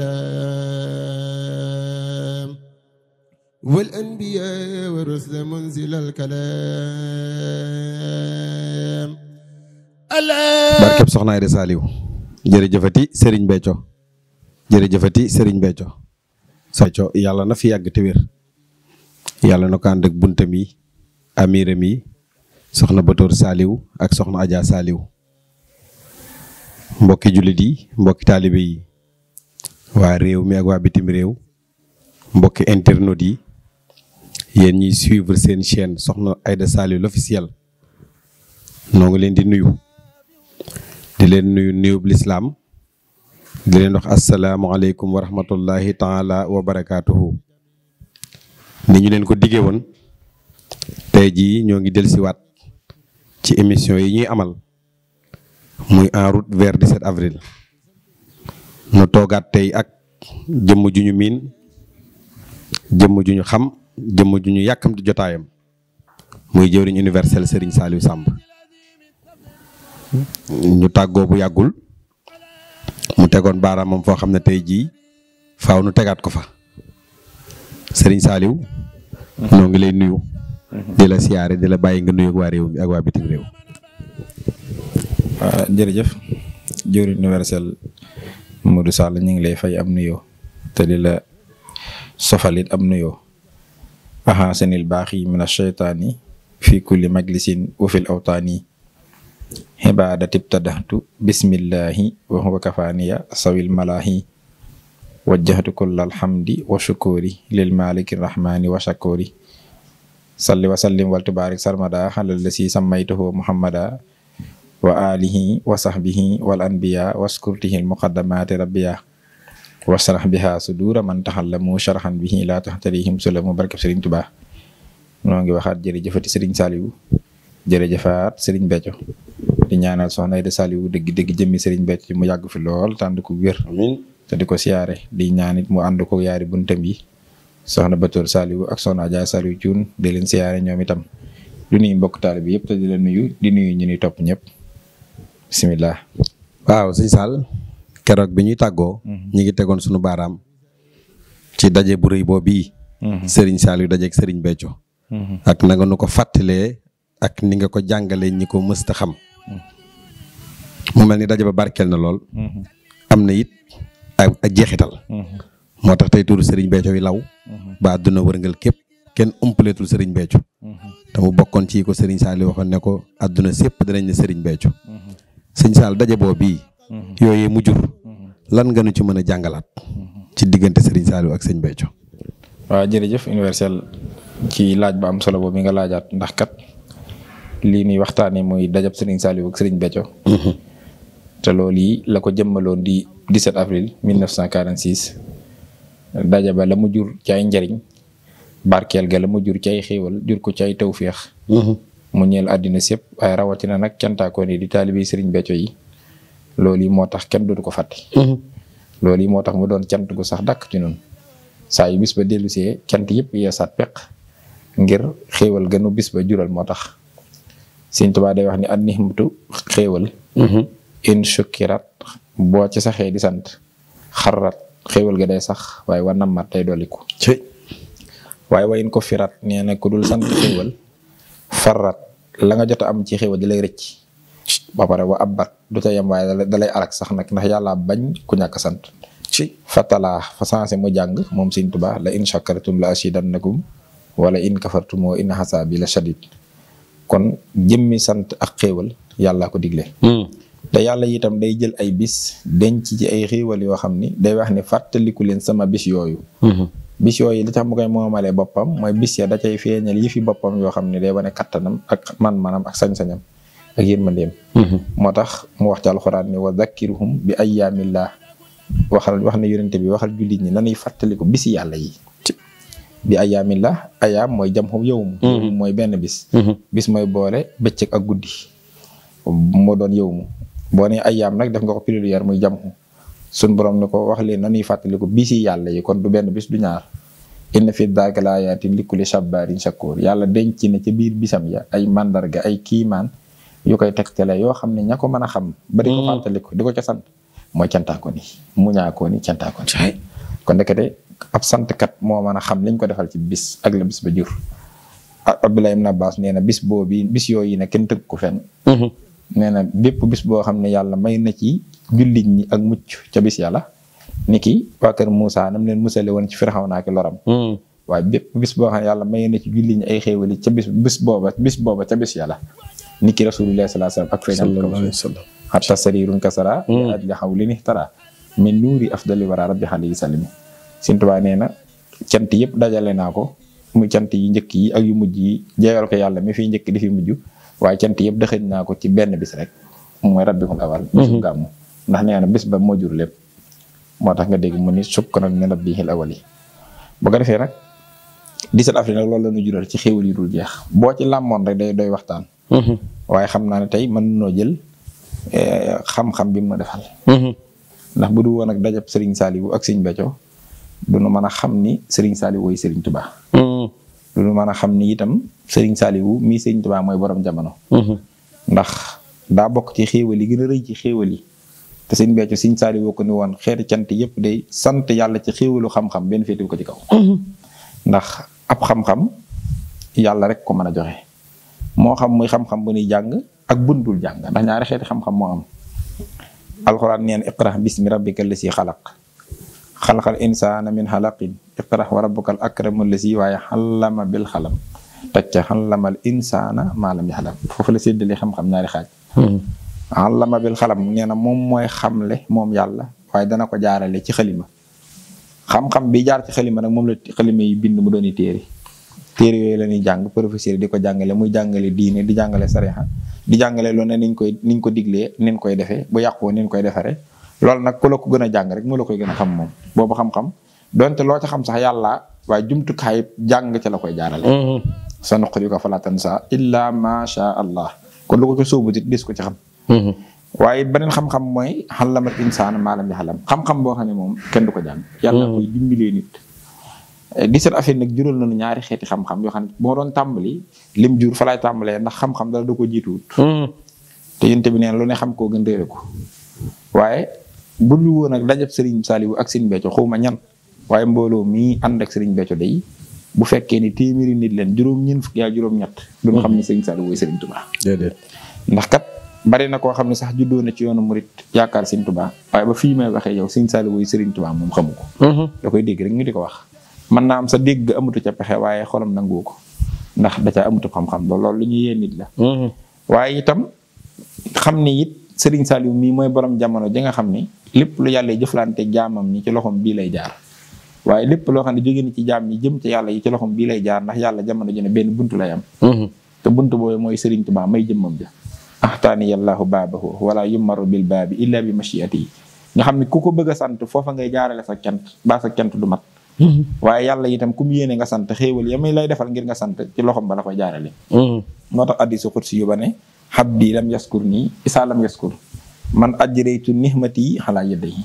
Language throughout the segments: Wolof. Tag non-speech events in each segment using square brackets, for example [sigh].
الكلام والأنبياء والرسل منزل الكلام barkeb soxna Aida Saliou jërëjëfati Serigne Béthio jërëjëfati Serigne Béthio Béthio yàlla na fi yàgg te wér yàlla na ko ànd ak buntam yi amiram yi soxna Batoor Saliou ak soxna Adja Saliou mbokki jullit yi mbokki taalibe yi waa réew mi ak waa bitim réew mbokki internautes yi yéen ñiy suivre seen chaîne soxna Aïda Saliou l'officiel noo ngi leen di nuyu di leen nuyu nuyub lislaam di leen wax asalaamualeykum wa rahmatullahi taala wa barakaatuhu ni ñu leen ko diggee woon tey jii ñoo ngi dellusiwaat ci émission yi ñuy amal muy en route vers avril no togat tay ak jëm juñu min jëm juñu xam jëm juñu yakam yàkkamti jotayam muy jëwriñ universel Serigne Saliou Samb ñu taggo bu yagul mu tegoon baaraamam foo xam ne tey jii faaw nu tegaat ko fa Serigne Saliou no ngi lay nuyu di la siyaare di la nga nuyu ak wa rew ak wa bitim réew ah, jërëjëf jëwriñ universel Modou Sall ñu ngi lay fay am nuyoo te di la sofalit am nuyoo ahansenil baax yi mina sheytaani fi kulli majlisin wa fil awtaani xibaadati btadaxtu bismillahi wa huwa kafaaniya sawil malaahi wajjahtu kulla alhamdi wa lil maliki rahmani wa shakuri salli wa sallim wal sarmada xalal la si muhammada wa alihi wa sahbihi wal anbiya al muqaddamati rabbiya sarah biha sudura man tahallamu syarhan bihi la tahtarihim sulamu barkab sering tuba noo ngi jafati sering saliwu jari jafat sering Béthio di ñaanal soxna Aida Saliou dëgg sering jëmmi Serigne Béthio ci mu yàgg fi lol tànd ko wér te di ko di ñaanit mu ànd ko yaari buntam yi soxna batur saliwu ak soxna Adja saliwu Thioune di leen siyaare ñoom itam du nuyu nuyu di nuyu top bismillah waaw sëñ Sall kérok bi ñuy taggo mhm. ñi ngi tegoon sunu baram. ci dajé bu reuy bobu mhm. Serigne Sall yu mhm. ak Serigne Béthio. ak na nga nuko ko ak ni nga ko jàngalee ñi ko mësta xam. mu melni dajé ba barkel na lool. amna yit it ak jéxital motax tay tour tuuru Serigne Béthio yi law. ba aduna wërngal képp kenn umpletul Serigne Béthio. te mu ci ko Serigne Sall waxon ne ko aduna sépp dinañ ne Serigne sëñ Saal dajé yoye mujur, yoyé mu jur. Mhm. lan nga ñu ci mëna jangalat mhm. ci digënté Serigne Saliou ak sëñ wa waaw jëf universel ci laaj ba am solo mi nga laajat ndax kat li ni waxtaanee moy dajab Serigne Saliou ak té mhm. loolu la ko jëmmaloon di 17 avril 1946 daja ba la mu jur ci ay ndariñ barkel ga la mu jur ci ay xéewal jur ko ci ay tawfiix mu ñeel adina sepp ay nak nag ko ni di talibi Serigne beccio yi loli motax ken do ko fatte loolu yi mhm. mu doon cant ko sax dak ci bis ba dellusee cant ya sat pek ngir xewal gënu bisba jural motax serigne Sëriñ day wax ni ad nihmatu xéewal mhm. in shukkirat bo ci saxé di sant kharrat xewal ga day sax way wa nammat day dolliku way wayin ko firat neena ko dul sant xewal farrat la nga jot am ci xéwal di lay ba pare wa abbat du ca yem waaye da lay arak sax nag ndax yàlla bañ ku ñàkk sant. ci fatalaa fa sensé mu jàng moom Sëriñ Tuubaa la in shakartum la azidannakum wala in kafartum wa in hasaabi la shadid kon jëmmi sant ak xéewal yàllaa ko digle. Hmm. te yàlla itam day jël ay bis denc ci ay xéewal yoo xam ni day wax ne fàttaliku leen sama bis yooyu. Hmm. bis yooyu li tax mu koy moomalee boppam mooy bis ya da cay feeñal yi fi boppam yoo xam ne day wane kattanam ak man-manam ak sañ-sañam ak yërmandeem mhm. moo tax mu wax ci alxuraan ni wa zakkiruhum bi ayyaamillah waxal wax na yonente bi waxal jullit ñi nanuy fàttaliku bisi yàlla yi bi ayaamillah ayaam mooy jam xum mhm. mooy benn bis mhm. bis mooy boole bëccëg ak guddi moo doon yowmu boo ne ayaam nag def nga ko pluriel muy jam sun borom ne ko wax leen nanuy fàttaliku bisi yalla yi kon du ben bis du ñaar inna fi daaka laayatin li kulli sabbaarin shakuur yàlla denc na ca bir bisam ya ay mandarga ay kiman yu koy tegtale yoo xam ne ña ko mën a xam bari di ko hmm. fàttaliku di ko ca sant mooy cantaako ni ko ni cantaako ni kon ndekete ab sant kat mo a xam liñ ko defal ci bis ak la bis ba jur Abdullah ibn Abbas neena na bis boobu bis yi ne kenn tekk ko fen hmm. nee na bépp bis boo xam ne yàlla may na ci jullit ñi ak mucc ca bis yàlla ni ki waa kër Moussa nam leen musale woon ci Firawna ak loram hmm. waaye bépp bis boo xam ne yàlla may na ci jullit ñi ay xéewali ca bis bis booba bis booba ca bis yàlla ni ki rasulullah sallallahu alayhi wasallam ak feeñal ko xatta sariirun kasara li hmm. ajli xawlin ihtara min nuuri afdali wara rabbi xale yi salimi Sëñ Tuubaa nee na cant yëpp dajale naa ko mu cant yi njëkk yi ak yu mujj yi jeewal ko yàlla mi fi njëkk di fi mujj waaye cant yëpp dëxëñ naa ko ci benn bis rek mooy rabbikul awal bisu mhm. gàmmu ndax nee na bis ba moo jur lépp moo tax nga dégg mu ni sukkanal min rabbihil awal yi bu ko defee nag 17 avril nag loolu la ñu jural ci xéwal yi dul jeex boo ci làmmoon rek day doy waxtaan mhm. waaye xam naa ne tey mën noo jël eh, xam-xam bi mu defal mhm. ndax bu du woon ak dajab Serigne Saliou ak Serigne Béthio du mën a xam ni Serigne Saliou woy Serigne Touba lu nu a xam ni itam Serigne Saliou mii Serigne Touba mooy borom jamono. Mhm. ndax daa bokk ci xéewal yi gën a rëy ci xéewal yi. te sëñ Béthio sëñ Saliou ko ni woon xeeti cant yëpp day sant yàlla ci xéewalu xam-xam benn féetu ko ci kaw. Mhm. ndax ab xam-xam yàlla rek ko mën a joxe. moo xam mooy xam-xam bu jàng ak bundul jàng ndax ñaari xeeti xam-xam moo am. alxuraan neen iqra bismi rabbika lasi xalaq xalaqal insaana min xalaqin iqrax wa rabbukal akramu si waaye xallama bil xalam teg ca xallamal insaana maalam yaxlam foofu la séddalee xam-xam ñaari xaaj xallama bil xalam nee na moom mooy xamle moom yàlla waaye dana ko jaarale ci xalima xam-xam bi jaar ci xalima nag moom la xalima bind mu dooni téere téere yooyu la ñuy jàng professeur di ko jàngale muy jàngale diine di jàngale sariha di jàngale loolu ne niñ koy niñ ko diglee niñ koy defee bu yàqoo niñ koy defaree loolu nag ku la ko gën a jàng rek moo la koy gën a xam moom boobu xam-xam donte loo ca xam sax yàlla waaye jumtukaay jàng ca la koy jaarale mm-hmm. sa nuqrika falaa tansa illa ma sha allah kon lu ko ca sóobutit dis ko ci xam mm-hmm. waaye beneen xam-xam mooy xalamal insaan maalam yaxalam xam-xam boo xam ne moom kenn du ko jàng yàlla mm-hmm. koy dimbalee nit di eh, seen affaire nag jural nañu ñaari xeeti xam-xam yoo xam ne boo doon tàmbali lim jur fa laay tàmbalee ndax xam-xam dala da ko jiituwut te yénte bi neen lu ne xam koo gën réere ko waaye bu dul woon ak dajab Serigne Saliou ak Serigne Béthio xawma ñan waaye mbooloo mii ànd ak Serigne Béthio day bu fekkee ni téeméeri nit leen juróom-ñeent fukk yaa juróom-ñett. ndax kat bari na koo xam ne sax juddoo na ci yoonu murit yaakaar Serigne Touba waaye ba fii may waxee yow Serigne Saliou mooy Serigne Touba moom xamu ko. Mm-hmm. koy dégg rek ñu di ko wax. mën naa am sa dégg amatu ca pexe waaye xolam nangoo ko ndax da ca amatu xam-xam loolu lu ñuy yee nit la. Mm-hmm. waaye itam xam ni it Serigne Saliou mii mooy borom jamono ji nga xam ni lépp lu yàlla jëflante jaamam ñi ci loxoom bii lay jaar waaye lépp loo xam ne jóge ci jaam ñi jëm ci yàlla yi ci bii lay jaar ndax yàlla jamono ji ne benn buntu lay am mhm. te buntu boobu mooy Serigne Touba may jëmmam ja axtaani yallaahu baabahu wala yumaru bil baabi illa bi machiati yi nga xam ne ku ko bëgg a sant foofa nga jaarale sa cant baa sa cant du mat mhm. waaye yàlla itam ku mu yéene nga sant xéewal ya muy lay defal ngir nga sant ci loxoom ba la koy jaarale mhm. moo tax addisu xut si ba xabdi lam yaskur nii isaa lam yaskur man ajraytu nihmati xalaa yadayhi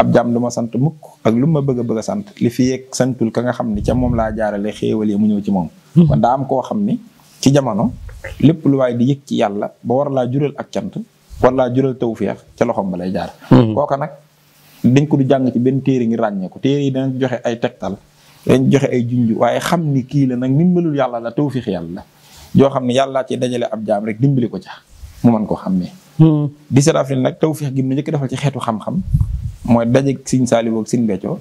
ab jaam lu ma sant mukk ak lu ma bëgg a bëgg sant li fi yeeg santul ka nga xam ni ca moom laa jaarale xéewal yi mu ñëw ci moom hmm. kon daa am koo xam ni ci jamono lépp lu waay di yëg ci yàlla ba war laa jural ak cant war laa jural tawféex ca loxoom ba lay jaar hmm. kooka nag dañ ko du jàng ci benn téere ngi ràññee ko téere yi joxe ay tegtal dañ joxe ay junj waaye xam ni kii la nag ndimbalul yàlla la tawféex yàlla la yoo xam ne yàlla ci dajale ab jaam rek dimbali ko ca mu mën ko xàmmee. 17 hmm. avril nag tawfeex gi mu njëkk defal ci xeetu xam-xam mooy daje Sëriñ Saaliw ak Sëriñ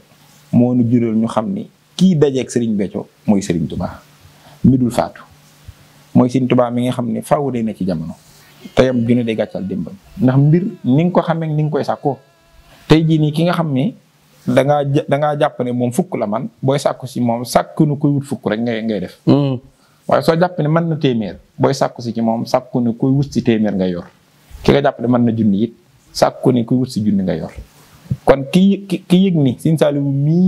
nu jural ñu xam ni kii dajeeg Sëriñ Béthio mooy Sëriñ Tuubaa mi dul faatu mooy Sëriñ Tuubaa mi nga xam ni faaw day na ci jamono teyam junne de gàccal démbam ndax mbir ni nga ko xamee ni nga koy sàkkoo tey jii nii ki nga xam ne dangaa dangaa jàpp ne moom fukk la man booy sàkku si moom sàkku nu koy wut fukk rek ngay ngay def hmm. waaye so jàpp ne mën na témèr boy sakku si ci mom sakku ne kuy wut si témèr nga yor ki nga jàpp ne na junni yit sakku ne kuy wut ci junni nga yor kon ki ki yegni sin salu mi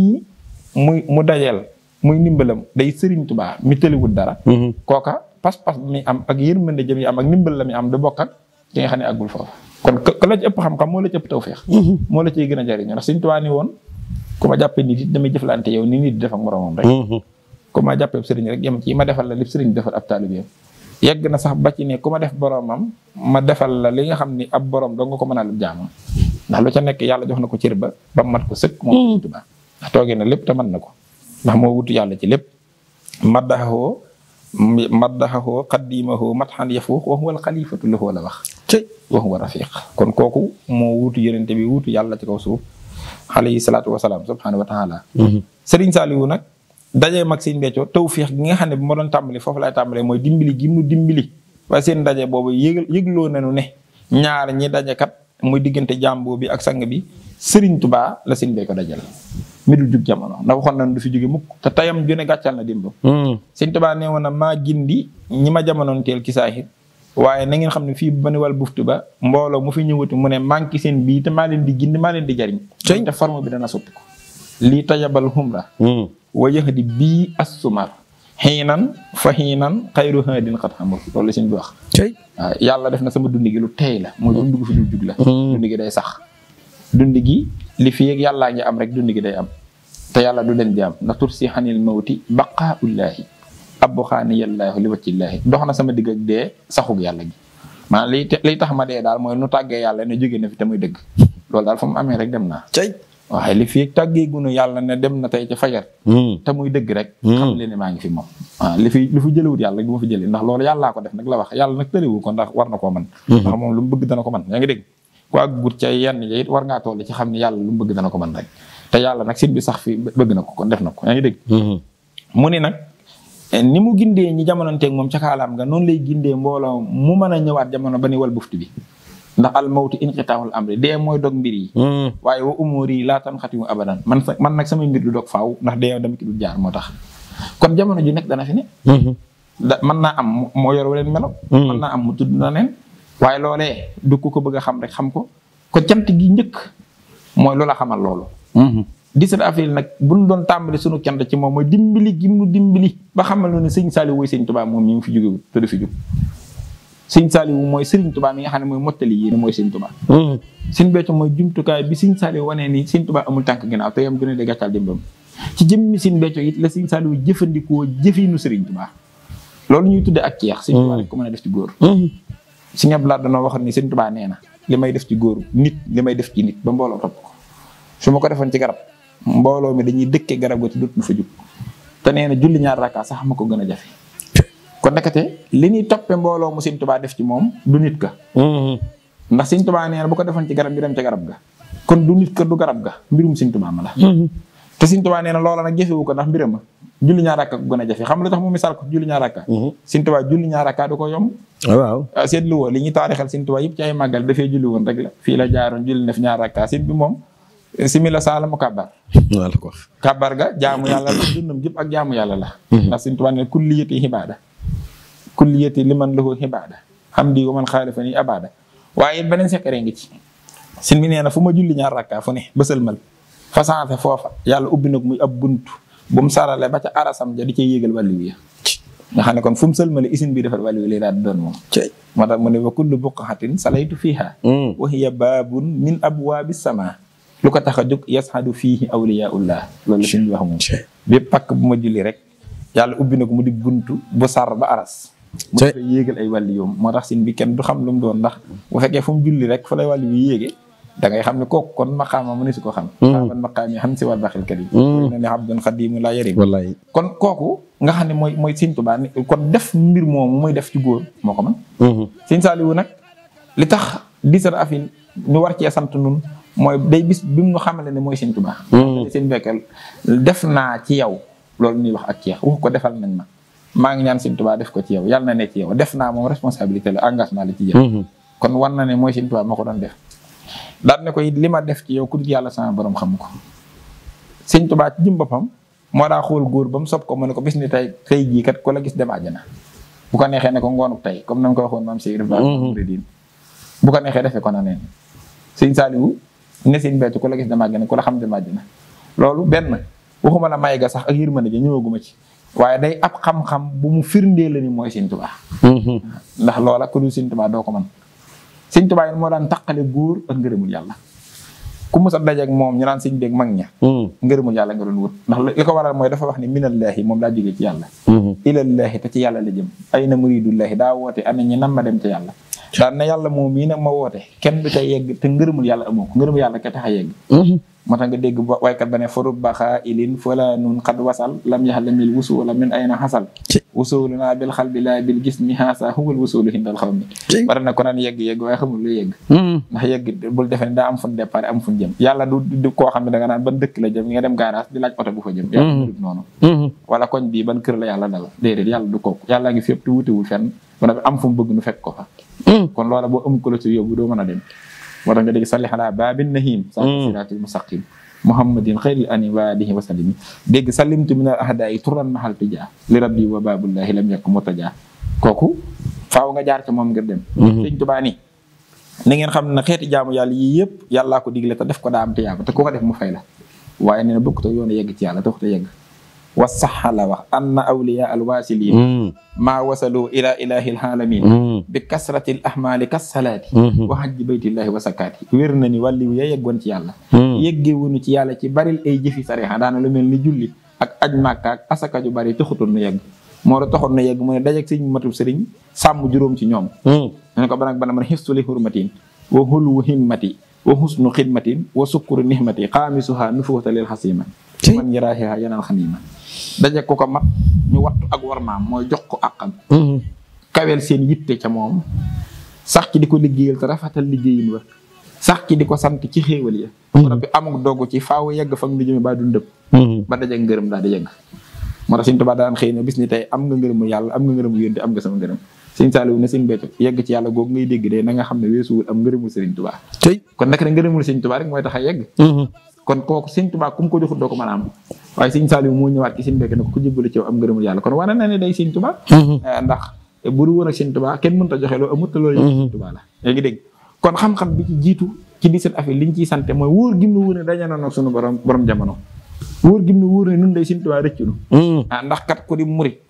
muy mu dajel muy nimbalam day serigne touba mi wut dara mm-hmm. koka pas-pas mi am ak yërmande jëm yi am ak nimbal la mi am du bokk ak ki nga xane agul fofu kon ko la ci ëpp xam-xam mo la ci ëpp tawféex mm-hmm. mo la ci gëna jariñu ndax touba ni won kuma jappé nit dama jëflanté yow ni nit def ak moromam rek mm-hmm. ku ma jàppee sëriñ rek yem ci ma defal la li sëriñ defal ab taalibeem yegg na sax ba ci ne ku ma def boromam ma defal la li nga xam ni ab borom dong nga ko mën a jaamam ndax lu ca nekke yàlla jox na ko cër ba ba mat ko sëkk. moom Tuubaa ndax toogee na lépp te mën na ko ndax moo wutu yàlla ci lépp maddaxoo maddaxoo xaddiimahoo matxan yafuux wa huwa al xalifatu lahu la wax wa huwa rafiq kon kooku moo wutu yenente bi wutu yàlla ci kaw suuf alayhi salaatu wasalaam subhaanahu wa dajee mag sëñ Béthio tawféex gi nga xam ne bi ma doon tàmbali foofu laay tàmbalee mooy dimbali gi mu dimbali waaye seen daje boobu yëgal yëgloo nañu ne ñaar ñi daje kat muy diggante jàmboo bi ak sang bi Serigne Touba la sëñ Béthio dajal mi du jug jamono ndax waxoon nañu du fi jóge mukk te tayam june gàccal na dimb hmm. sëñ Touba nee woon na maa gindi ñi ma jamonoon teel ki saahir waaye na ngeen xam ne fii ba ne wal buftu ba mbooloo mu fi ñëwati mu ne manqué seen bii te maa leen di gindi maa leen di jariñ te forme bi dana soppi ko lii tajabal humra hmm. wajahdi bi as sumar, hinan fa hinan khayru hadin qad hamur loolu seen bi wax tay ah, yalla def na sama dundi gi lu tay la mo dundu gu fi du la hmm. dundi gi day sax dundi gi li fi ak yalla ngi am rek dundi gi day am te yalla du di am na tursi hanil abu khani yallahu li wajhillahi doxna sama digg ak de saxuk yalla gi li li tax ma de dal moy nu tagge yalla ne joge na fi te deug dal fam waaye li fi tàggee gunu yalla ne dem na tay ci fajar. Hmm. ta muy deug rek. Hmm. xam leen ne maa ngi fi mom li fi lu fi jele wut yalla ma fi jele ndax loolu yalla ko def nak la wax nak nag wu ko ndax war na koo mën. Hmm. ndax mom lu mu bëgg dana ko mën yaa deg ko ak àggut ci yenn ja ya it war ngaa toll ci xam ne lu mu bëgg dana ko man rek te yalla nak sit bi sax fi bëgg na ko kon def na ko yaa deg mu ni eh, ni mu gindee ñi ak mom ci kaalaam nga non lay gindee mbolo mu mën a ñëwaat jamono bani wal bufti bi ndax al mawtu inqitaahul amri dee mooy dog mbir yi hmm. waaye wa umóor yi laa laataan xatimu abadan man man nag samay mbir du dog faaw ndax de dama ki dul jaar moo tax kon jamono ju nekk dana fi ne hmm. da mën naa am moo yor waleen melo man hmm. naa am mu tudd na neen waaye loolee du ku ko bëgg a xam rek xam ko ko cant gi njëkk mooy loola xamal loolu 17 avril nag buñ doon tàmbali sunu cant ci moom mooy dimbali gi mu dimbali ba xamal ne sëñ Saliou woy sëñ Tuubaa moom mi ngi fi jógewul te fi jóg sëñ saaliwu mooy sin tubaa mi nga xam ne mooy mottali yéene mooy sëñ tubaa hmm. sëñ becco mooy jumtukaay bi sëñ saaliwu wanee ni sëñ tubaa amul tànk ginnaaw te yam gën a de gàccal dimbam ci jëmmi sëñ becco yit la sëñ saaliwu jëfandikoo jëfinu sëriñ tubaa loolu ñuy tudde ak ceex sëñ tubaa hmm. rek ko mën a def ci góor hmm. sëñ abdulaat danoo waxoon ni sëñ tubaa nee na li may def ci góor nit li may def ci nit ba mbooloo topp ko su ma ko defoon ci garab mbooloo mi dañuy dëkkee garab go ci dut lu fa jug te nee julli ñaar raka sax ma ko gën kon nekkate li ñuy toppee mbooloo mu seigne touba def ci mom du nit ka. Mm-hmm. ndax seigne touba neena bu ko defon ci garab bi dem ci garab ga. kon du nit ka du garab ga mbirum seigne touba mala hmm te seigne touba neena na nak nag jafewu ko ndax mbirama julli ñaar rakka ko gëna a jafe xam nga lu tax mu misal ko julli ñaar hmm seigne touba julli ñaar rakka du ko yom ah, waaw ah, seetlu woo li ñuy tarixal seigne touba yep ci ay da fay julli won rek la fi la jaaroon julli na fi ñaar bi mom simila saala mu ko Kabar ga jaamu yalla la dundam gépp ak jaamu yalla la mm-hmm. ndax seigne touba ne kulli kulliyati li man lahu xibaada am di wa man xaalifani waaye beneen secret ngi ci sin mi nee na fu ma julli ñaar rakkaa fu ne bësal mal façante foofa yal ubbi nag muy ab bunt bu mu sarale ba ca arasam ja di cay yéegal wàllu wi nga xam kon fu mu sëlmale usine bi defar wàllu wi lay daal di doon moom moo tax mu ne wa kullu buqaxatin salaytu fiiha mm. wa baabun min abwaabi sama lu ko tax a jóg yasxadu fiihi awliyaullah loolu la suñu wax pakk bu ma julli rek yàlla ubbi nag mu di buntu ba sar ba aras mu dafay yéegal ay wàlli yoom moo tax sin bi kenn du xam lu mu doon ndax bu fekkee fu mu julli rek fa lay wàlli bi yéege da ngay xam ne kooku kon maqaama mu ne si ko xam xaaban mm. maqaami xam si war baxil kat mm. yi na ne abdun xadimu kon kooku nga xam ne mooy mooy Sëñ Tuubaa kon def mbir moomu muy def ci góor moo ko mën mm-hmm. Sëñ wu nag li tax disar afin ñu war cee sant nun mooy day bis bi mu xamale ne mooy Sëñ Tuubaa mm-hmm. seen bekkal def naa ci yow loolu ñuy wax ak ceex wax ko defal nañ ma maa ngi ñaan Sëñ Tuubaa def ko ci yow yàlla na ne ci yow def naa moom responsabilité la engagement la ci jël. Mhm. kon war na ne mooy Sëñ Tuubaa moo ko doon def. daan ne ko it li ma def ci yow ku dul yàlla sama boroom xam ko Sëñ Tuubaa ci jëm boppam moo daa xool góor ba mu sob ko mu ne ko bis tey tey jii kat ku la gis dem àjjana. bu ko neexee ne ko ngoonu tey comme nañ ko waxoon maam Cheikh Ibrahima Redin bu ko neexee defee ko na neen sëñ Saliou ne sëñ Béthio ku la gis dem àjjana ku la xam dem àjjana loolu benn waxuma la may ga sax ak ne ja ñëwaguma ci waaye day ab xam-xam bu mu firndee la ni mooy Sëñ Tuubaa mhm. ndax loola ku dul Sëñ Tuubaa doo ko mën Sëñ Tuubaa yi moo daan taqale góor ak ngërëmul yàlla ku mos a dajeeg moom ñu naan sëñ beeg mag ña mhm. ngërëmul yàlla nga wut ndax li ko waral mooy dafa wax ni minallaahi moom daa jógee ci yàlla mhm. ilallaahi te ci yàlla la jëm ay na muridullaahi daa woote ana ñi nan ma dem ci yàlla daan na yàlla moom mii a ma woote kenn du ca yegg te ngërëmul yàlla amoo ko ngërëmul yàlla ka tax a yegg mm-hmm. moo tax nga dégg ba waykat ba ne farub baxaa ilin fala nun xad wasal lam yaxlamil wusula min ko naan yegg-yegg waaye xamul lu yegg mm-hmm. ndax yegg bul defe ne daa am fun départ am fun jëm xam ne da nga naan ban dëkk a jëm nga dem garage di laaj oto fa jëm yàlla du mm-hmm. noonu wala koñ bii ban kër la am fu bëgg nu fekk ko Mm. kon loola boo amul ko la ci yóbbu doo mën a dem moo tax nga dégg salli ala babin nahim sa mm. siraatil mustaqim muhammadin xayril anim wa alihi wa salimi dégg sallimtu min al ahdayi turan mahal tija li rabbi wa babullahi lam yakun mutaja kooku faaw nga jaar ca moom ngir dem mm-hmm. sëñ tubaa ni na ngeen xam ne xeeti jaamu yàlla yi yëpp yàllaa ko digle te def ko daam am te yaaba te ku ko def mu fay la waaye nee na bokk te yoon yegg ci yàlla taxut a yegg wa saxa la wax anna awliya alwaasiliin maa wasalu ila ilahi alaalamin bi kasrati al ahmaali kassalaati wa hajji baytillahi wa sakaati wér na ni wàlliwu ya yeggoon ci yàlla yeggewunu ci yàlla ci bari ay jëfi sarexa daana lu mel ni julli ak aj màkka ak asaka ju bari taxutoon na yegg moo da taxoon na yegg mu ne dajeg sëñ matub sëriñ sàmm juróom ci ñoom ñu mm. ko banak bana man xistuli hurmatin wa xulwu himmati wa xusnu xidmatin wa sukkuru nihmati xaamisuha nufuutalil yanal daje ko ko mat ñu wattu ak warmaam mooy jox ko ak am mm-hmm. kaweel seen yitte ca moom sax ki di ko liggéeyal te rafetal liggéeyin wa sax ci di ko sant ci xéewal ya rabbi mm-hmm. amuk dogu ci faaw yegg fa nga jëme baa du ndëpp mm-hmm. ba daje ngërëm daal di yegg moo tax Sëñ Tuubaa daan xëy na bis ni tey am nga ngërëmu yàlla am nga ngërëmu yónni am nga sama ngërëm Sëñ Saaliw ne Sëñ Béthio yegg ci yàlla googu ngay dégg de na nga xam ne weesuwul am ngërëmul Sëriñ Tuubaa kon nag ne ngërëmul Sëriñ Tuubaa rek mooy tax a yegg kon kooku sëñ Tuubaa ku mu ko joxut doo ko mën a am waaye sëñ Saaliw ñëwaat ki sëñ Mbàkke ne ko ku jébbalu ci yow am ngërëmul yàlla kon wane na ne day sëñ Tuubaa mm-hmm. eh, ndax bu dul woon ak sëñ Tuubaa kenn mënut a joxe loolu amut te loolu yëpp sëñ mm-hmm. la yaa ngi kon xam-xam bi ci jiitu ci di seen affaire li ñu ciy sante mooy wóor gim na ne daña noon ak sunu borom borom jamono wóor gim na wóor ne nun day sëñ Tuubaa rëccunu mm-hmm. ah ndax kat ku di murit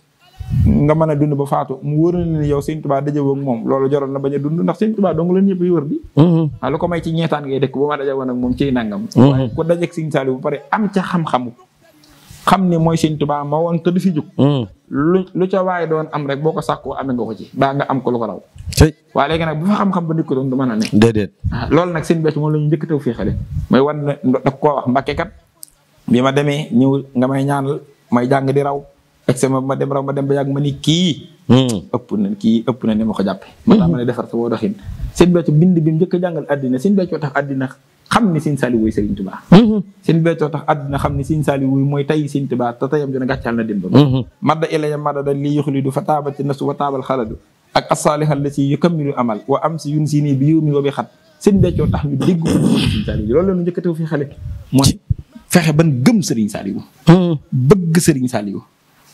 nga mën a dund ba faatu mu wóor na ni yow sëñ Tuubaa dajewoog moom loolu jaroon na bañ a dund ndax sëñ Tuubaa dong la ñëpp yi wër mm-hmm. ah, ko may ci ñeetaan ngay dëkk bu ma moom ciy nangam mm-hmm. waaye ku dajeeg sëñ am ca xam-xamu xam ni mooy sëñ Tuubaa ma woon te du fi jug mm-hmm. lu lu ca waaye doon am rek boo ko sàkkoo amee nga ko ci baa am ko lu ko raw waaye léegi nag bu fa xam-xam ba nikko doon du mën a ne déedéet ah, loolu nag seen becc moom la ñu njëkk taw fii xale mooy wan daf koo wax mbàkke kat bi ma demee ñëw nga may ñaanal may jàng di raw excès ma ma dem raw ma dem ba yàgg ma ni kii. Hmm. ëpp na kii ëpp na ni ma ko jàppe moo tax ma ne defar sa boo doxin. seen bi mu njëkk a jàngal àddina seen beccoo tax àddina xam ni Sëñ Saaliw wuy Sëriñ Tuubaa hmm. seen beccoo tax àddina xam ni Sëñ dina gàccal na démbam hmm. madda ilaya madda da lii yuxlidu fa taaba ci nasu wa taabal xaladu ak asaalihal la si yu kammilu amal wa am si yun si nii bi yow mi wa bi xat seen beccoo tax ñu dégg ko Sëriñ loolu la ñu njëkkatew fi xale mooy fexe ban gëm Sëriñ Saaliw bëgg Sëriñ Saaliw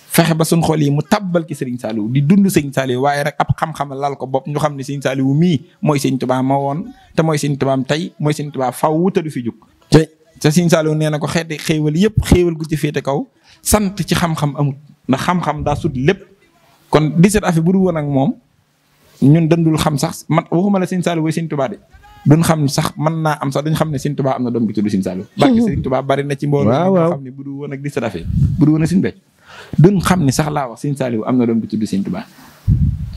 fexe ba suñ xol yi mu tabbal ki Serigne Saliou di dund sëñ Saliou waaye rek ab xam-xam lal ko bopp ñu xam ne Serigne Saliou mii mooy Serigne Touba ma woon te mooy Serigne Touba tey mooy Serigne Touba faw wutalu fi jug te Serigne Saliou nee na ko xeeti xéewal yëpp xéewal gu ci féete kaw sant ci xam-xam amut ndax xam-xam daa sut lépp kon 17 affaire bu dul woon ak moom ñun dëndul xam sax man waxuma la Serigne Saliou way Serigne Touba de duñ xam sax mën naa am sax dañ xam ne Serigne Touba am na doom bi tudd Serigne Saliou barke Serigne Touba bari na ci mbooloo xam ne bu woon ak 17 affaire bu dul woon duñ xam ni sax laa wax sëñ Saaliw am na doom bi tudd sëñ Tuubaa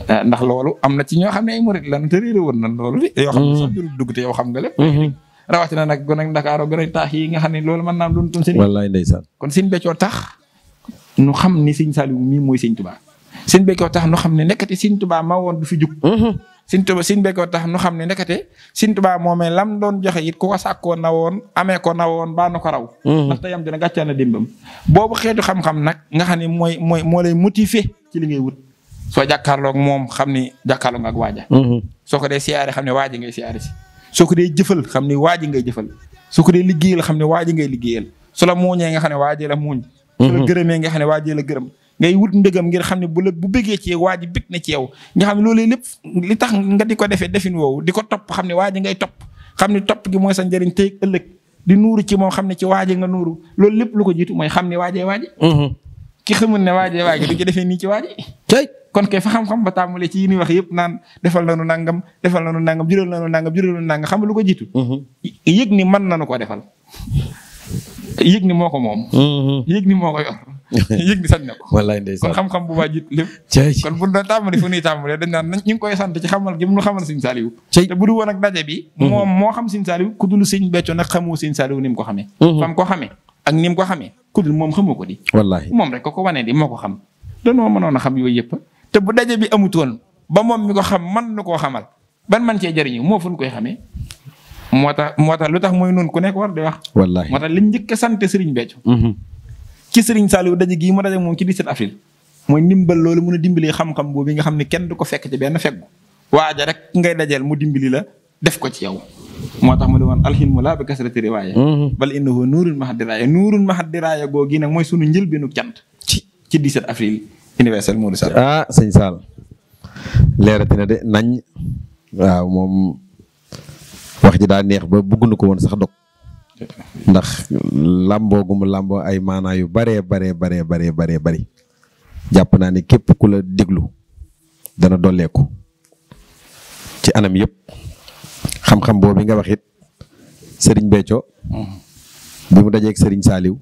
eh, ndax loolu am na ci ñoo xam ne ay murit lan te réeré woon na loolu de. Mm-hmm. yoo xam ne sax du dugg te yow xam nga lépp. Mm-hmm. rawatina nag gone ak taax yi nga xam ne loolu mën naa am doon doon sëñ. wallaay ndeysaan kon sëñ Béthio tax nu xam ni sëñ Saaliw mii mooy sëñ Tuubaa sëñ Béthio tax nu xam ne nekkati sëñ Tuubaa ma woon du fi jug. Mm-hmm. Sëñ Tuubaa Sëñ Bee ko tax nu xam ne ndekete Sëñ Tuubaa moomee lam doon joxe it ku ko nawoon na woon amee ko na woon baa nu ko raw. Mm-hmm. ndax tey am dina gàccee na dimbam. boobu xeetu xam-xam nag nga xam ne mooy mooy moo lay motiver ci li ngay wut. soo jàkkaarloog moom xam ne jàkkaarloog nga ak waaja. Mm-hmm. soo ko dee siyaare xam ne waaji ngay siyaare si. soo ko dee jëfal xam ne waaji ngay jëfal. soo ko dee liggéeyal xam ne waaji ngay liggéeyal. su la muuñee nga xam ne waaji la muuñ. su la mm-hmm. nga xam ne waaji la gërëm ngay wut ndëgam ngir xam ne bu la bu bëggee ci waa ji bëgg na ci yow nga xam ne loolu lépp li tax nga di ko defee defin woowu di ko topp xam ne waa ji ngay topp xam ne topp gi mooy sa njëriñ tey ëllëg di nuuru ci moom xam ne ci waaje nga nuuru loolu lépp lu ko jiitu mooy xam ne waajee waaje mm-hmm. ki xamul ne waajee waaje du ko defee nii ci waaje tey kon ke fa xam-xam ba tàmbalee ci yi ñuy wax yëpp naan defal nu nangam defal nañu nangam jural nañu nangam jural nañu nangam xam lu ko jiitu mm-hmm. yëg ni mën nañu ko defal yëg ni moo ko moom mm-hmm. yëg ni moo ko yor [laughs] yëg ni sañ na ko. wallaay xam-xam bu waajib lépp. cey kon bu ñu doon fu ñuy tàmbalee dañ naan ñu ngi koy sant ci xamal gi mu xamal Sëñ Saliou. cey bu dul woon mhm. xam Sëñ Saliou ku dul Sëñ Béthio nag xamoo Sëñ Saliou ni mu ko xamee. Mhm. fam ko xamee ak ko xamee ku moom xamoo ko di. moom rek ko ko wanee di moo ko xam. danoo mënoon a xam yooyu yëpp te bu daje bi amutoon ba moom mi ko xam man na koo xamal ban man e jëriñu moo fu nu koy xamee moo tax moo tax lu tax mooy noonu ku nekk war di wax. moo tax liñ njëkk a sant Serigne Béthio mhm. ci Serigne Saliou dajji gi mo dajje mom ci 17 avril moy nimbal lolou mëna dimbali xam xam bo bi nga xamni kenn duko fekk ci ben feggu waaja rek ngay dajjal mu dimbali la def ko ci yow. motax mo ma ne woon bi kasrati riwaya mm-hmm. bal innahu mahdiraya mahadiraaya mahdiraya go gi nak moy sunu njëlbeenu cant. ci ci 17 avril. universel Modou Sall. ah serigne sal leratina de nagn waaw mom wax ji da neex ba bëgguñu ko won sax dok ndax lambo gum lambo ay mana yu bare bare bare bare bare bare japp na ni kep ku la deglu dana doleku ci anam yep xam-xam boobu nga waxit sering sëriñ bi mu ak serigne saliw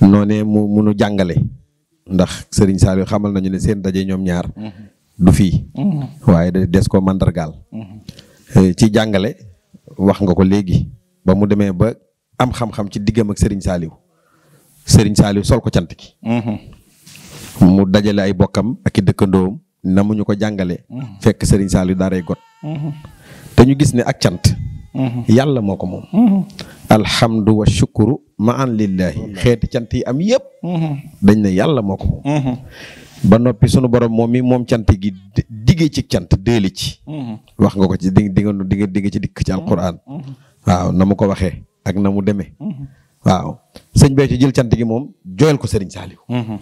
noné mu munu jangalé ndax sering saliw xamal nañu ne sen daje ñom ñaar du fii waaye des ko mandargal uhuh. eh, ci jangalé wax nga ko léegi ba mu demee ba am xam-xam ci diggam ak Serigne Saliou Serigne Saliou sol ko cant ki mhm. mu dajale ay bokkam ak dëkkandoom na mu ñu ko jàngale mhm. fekk Serigne Saliou daaray got mhm. te ñu gis ne ak cant yàlla moo ko moom alhamdu wa shukuru ma an lillahi xeeti cant yi am yëpp dañ ne yàlla moo ko moom ba noppi sunu borom moom mi moom cant gi diggee ci cant déeli ci wax nga ko ci di di nga di ci dikk ci alquran waaw na mu ko waxee ak na mu demee. Mhm. waaw sëñ Béthio jël cant gi moom jooyal ko Serigne mhm.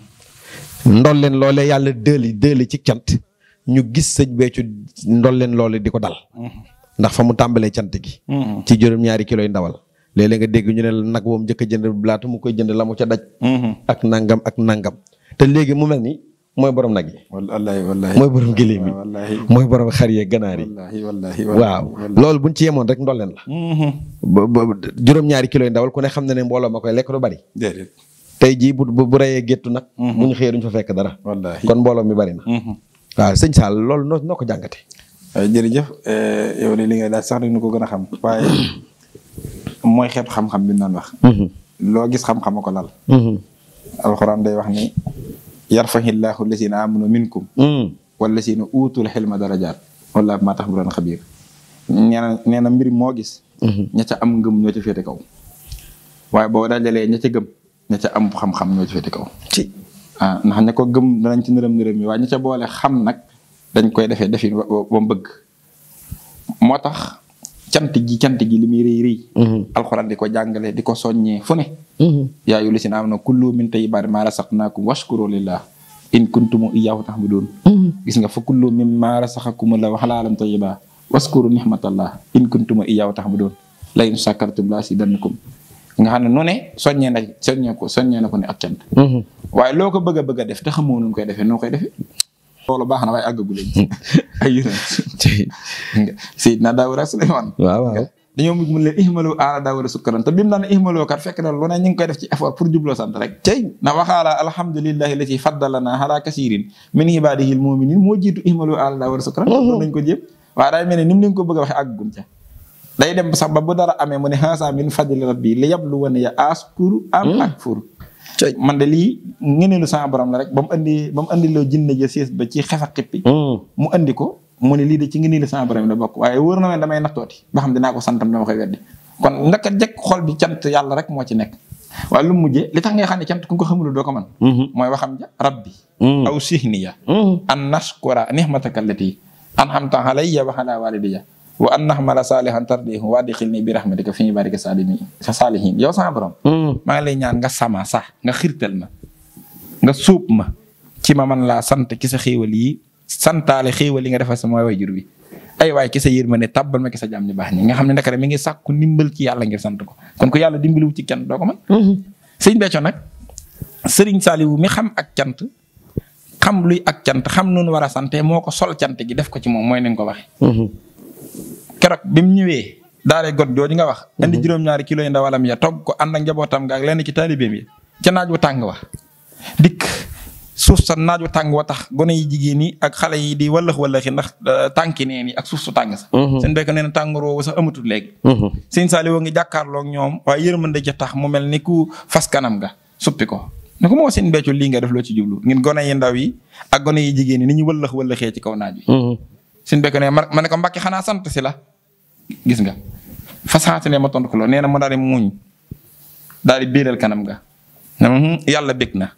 ndool leen loole yàlla dëli dëli ci cant ñu gis sëñ ndool leen loole di ko dal. Mhm. ndax fa mu tàmbalee cant gi. ci juróom-ñaari kilos yi ndawal. léeg nga dégg ñu ne nag woom njëkk jënd laata mu koy jënd la mu ca daj. ak nangam ak nangam te léegi mu mel ni mooy borom nag yi. wallaahi wallaahi mooy borom gëléem yi. wallaahi mooy borom xar yeeg ganaar yi. wallaahi wallaahi waaw loolu buñ ci yemoon rek ndolleen la. Mm-hmm. ba juróom-ñaari kilos yi ndawal ku ne xam na ne mbooloo ma koy lekk du bari. déedéet tey jii bu bu bu reyee géttu nag. Mm-hmm. bu ñu xëyee fa fekk dara. wallaahi kon mbooloo mi bari na. Mm-hmm. waaw sëñ Sall loolu noo noo ko jàngatee. Euh, jërëjëf euh, yow de li ngay daal sax dañu ko gën a xam waaye [coughs] mooy xeetu xam-xam bi naan wax. loo gis xam-xam ko lal. alxuraan day wax ni yarfahillahu lazina amanu minkum hmm. wallazina uutul xilma darajaat wala maa tax bu doon xabiir nee na nee na mbir moo gis hmm. ña ca am ngëm ñoo ca kaw waaye boo dajalee ña ca gëm ña ca am xam-xam ñoo ca kaw ah ndax ña ko gëm danañ ci nërëm nërëm yi waaye ña ca boole xam nag dañ koy defee defin ba mu bëgg moo tax cant gi cant gi limi muy mhm. rëy rëy alxuraan di ko jàngale di ko soññee fu ne yaa min tayyibati ma rasaqnakum washkuru lillah in kuntum iyyahu ta'budun mhm. gis nga fa kullu rasaqakum la halalan tayyiba washkuru ni'matallah in kuntum iyyahu ta'budun la in shakartum la sidannakum nga xam noné nu na soññee ko soññee na ko ne ak cant mhm. waye loko bëgg bëgg def te xamoo nu koy no koy loolu baax na waaye àggagu leen ci [laughs] ay yonent Seydina Daawuda ak Suleymaan [laughs] waaw waaw dañoo mujj mun leen ihmalu ala daawuda sukkaran te bi mu naan ihmaloo kat fekk na lu ne ñu ngi koy def ci effort pour jubloo sant rek tey na waxaala alhamdulilahi la ci faddalana ala kasirin min ibadihi almuminin moo jiitu ihmalu ala daawuda sukkaran loolu lañ ko jéem waaye daay mel ne ni mu ko bëgg a waxe àgguñ ca day dem sax ba bu dara amee mu ne haasa min fadli rabbi li yabluwani ya askuru am hmm. akfuru man de lii lu sama borom la rek bam andi bam andi lo jinne je ses ba ci xef ak hmm. mu andi ko mu ne li de ci lu sama borom la bok waye wóor na damay nattooti ba xam dina ko santam dama koy weddi kon ndaka jek xol bi cant yalla rek mo ci nek wa lu mujjee li tax nga xam ne cant ku ko xamul do ko man hmm. mooy waxam ja rabbi hmm. aw sihniya an nashkura nihmataka allati anhamta alayya wa ala walidiyya waa wa an naxmala saalihan tardihu wa adxilni bi rahmatika fi barika saalimin sa saalihin yow sama borom hmm. maa ngi lay ñaan nga sama sax nga xirtal ma nga suub ma ci ma man laa sant ki sa xéewal yi santaale xéewal yi nga defal sama jur wi ay waay ki sa ma ne tàbbal ma ki sa jàmm ñu baax ñi nga xam ne ndekare mi ngi sàkku ndimbal ci yàlla ngir sant ko kon ko yàlla dimbaliwu ci cant doo ko man sëñ hmm. sëriñ nag sëriñ mi xam ak cant xam luy ak cant xam nunu war a sante moo ko sol cant gi def ko ci moom mooy nañ ko waxe hmm. Karak bim mu dare god got jooju nga wax. Mhm. indi juróom-ñaari kilo yi ndawalam ya tok ko ànd ak tam gaag lenn ci taalibeem yi ca naaj wu tàng wa dik suuf sa naaj wu wa tax gone yi jigéen yi ak xale yi di wallax wallaxi ndax euh, tànki neen yi ak suuf su tàng sa mhm. seen bekk nee tang ro woowu sax amatul léegi mhm. sëñ Saliou ngi jàkkaarloog ñoom waaye yërmande ja tax mu mel ku fas kanam ga suppi ko ne ko seen nga def ci jublu ngeen gone yi ndaw yi ak goni yi jigéen yi ni ñu wëllëx wëllëxee ci kaw naaj wi seen bekk ne ma ko gis nga fa ne ma tontu ko loolu nee na mu daal di muñ daal di biiral kanam nga hmm, yàlla bég na.